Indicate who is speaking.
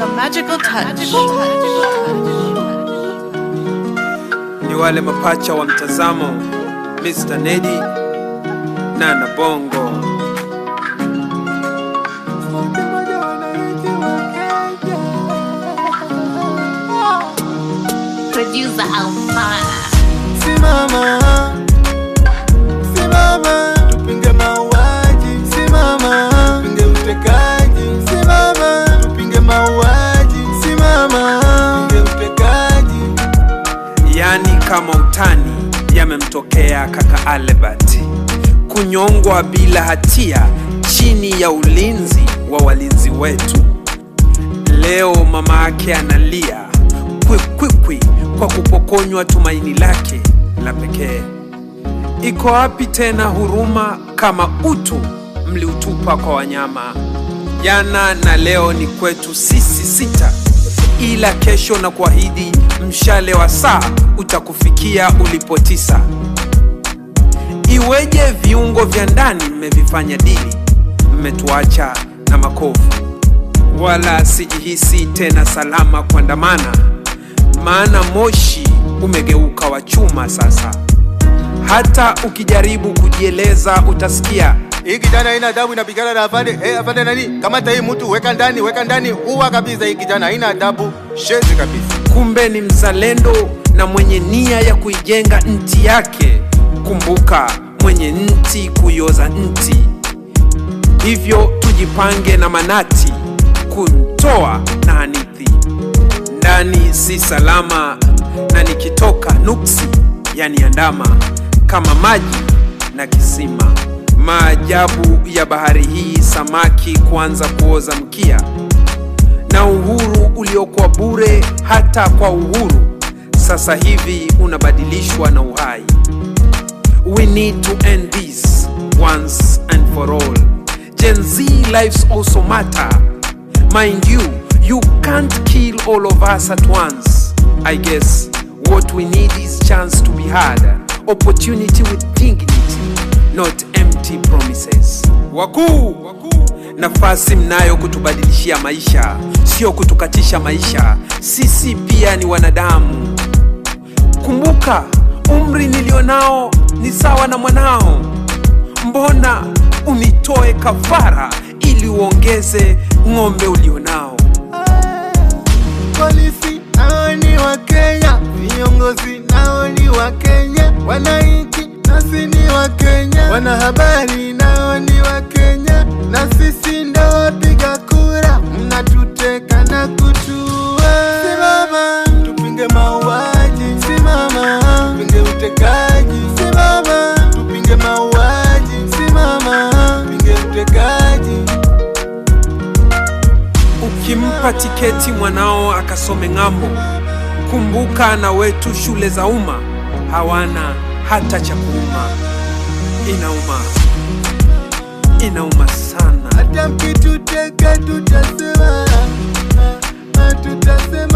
Speaker 1: The magical touch.
Speaker 2: Ni wale mapacha wa mtazamo Mr. Nedi Nana Bongo.
Speaker 1: Producer Alpana. Simama.
Speaker 3: kutokea kaka Albert kunyongwa bila hatia chini ya ulinzi wa walinzi wetu. Leo mama yake analia kwikwikwi kwa kupokonywa tumaini lake la pekee. Iko wapi tena huruma kama utu mliutupa kwa wanyama? Jana na leo ni kwetu sisi sita, ila kesho na kuahidi mshale wa saa utakufikia ulipotisa. Iweje viungo vya ndani mmevifanya dili, mmetuacha na makovu, wala sijihisi tena salama kuandamana, maana moshi umegeuka wa chuma sasa. Hata ukijaribu kujieleza utasikia
Speaker 4: hii kijana ina adabu, inapigana na afande. Hey, eh, afande nani? Kamata hii mtu, weka ndani, weka ndani, uwa kabisa. Hii kijana ina adabu, shezi kabisa
Speaker 5: kumbe ni mzalendo na mwenye nia ya kuijenga nchi yake. Kumbuka, mwenye nchi kuioza nchi. Hivyo tujipange na manati kumtoa na hanithi. Ndani si salama, na nikitoka nuksi, yani andama kama maji na kisima. Maajabu ya bahari hii, samaki kuanza kuoza mkia na uhuru uliokuwa bure hata kwa uhuru, sasa hivi unabadilishwa na uhai.
Speaker 6: We need to end this once and for all. Gen Z lives also matter. Mind you, you can't kill all of us at once. I guess what we need is chance to be hard opportunity with dignity, not empty promises.
Speaker 7: Wakuu, wakuu. Nafasi mnayo kutubadilishia maisha, sio kutukatisha maisha. Sisi pia ni wanadamu. Kumbuka umri nilionao ni sawa na mwanao. Mbona unitoe kafara ili uongeze ng'ombe ulionao?
Speaker 8: Polisi nao ni wa Kenya, viongozi nao ni wa Kenya, wananchi nasi ni wa Kenya, wanahabari nao ni wa Kenya na sisi ndo wapiga kura, mnatuteka na kutua.
Speaker 9: Simama tupinge mauaji, simama tupinge utekaji, simama tupinge mauaji, simama tupinge utekaji.
Speaker 10: Ukimpa tiketi mwanao akasome ng'ambo, kumbuka na wetu shule za umma hawana hata cha kuuma. Inauma inauma sana,
Speaker 11: hata mkituteka tutasema, tutasema